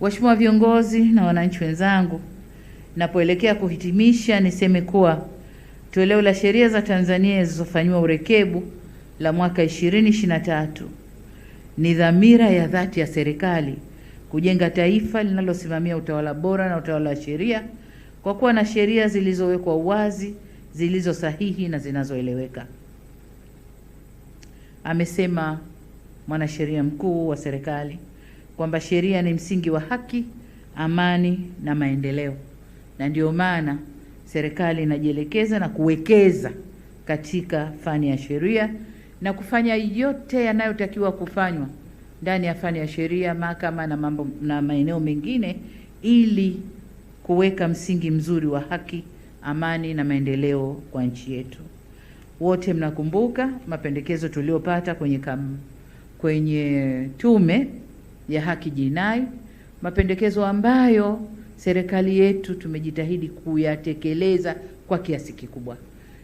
Waheshimiwa viongozi na wananchi wenzangu, napoelekea kuhitimisha, niseme kuwa toleo la sheria za Tanzania zilizofanyiwa urekebu la mwaka 2023 ni dhamira ya dhati ya serikali kujenga taifa linalosimamia utawala bora na utawala wa sheria kwa kuwa na sheria zilizowekwa wazi, zilizo sahihi na zinazoeleweka, amesema mwanasheria mkuu wa serikali kwamba sheria ni msingi wa haki, amani na maendeleo, na ndio maana serikali inajielekeza na kuwekeza katika fani ya sheria na kufanya yote yanayotakiwa kufanywa ndani ya fani ya sheria, mahakama na mambo na maeneo mengine ili kuweka msingi mzuri wa haki, amani na maendeleo kwa nchi yetu. Wote mnakumbuka mapendekezo tuliyopata kwenye, kwenye tume ya haki jinai, mapendekezo ambayo serikali yetu tumejitahidi kuyatekeleza kwa kiasi kikubwa.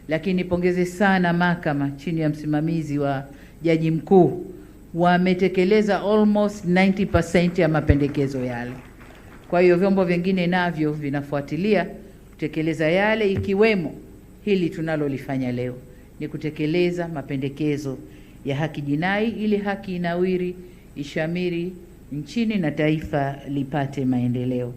Lakini nipongeze sana mahakama chini ya msimamizi wa jaji mkuu, wametekeleza almost 90% ya mapendekezo yale. Kwa hiyo vyombo vingine navyo vinafuatilia kutekeleza yale, ikiwemo hili tunalolifanya leo, ni kutekeleza mapendekezo ya haki jinai, ili haki inawiri, ishamiri nchini na taifa lipate maendeleo.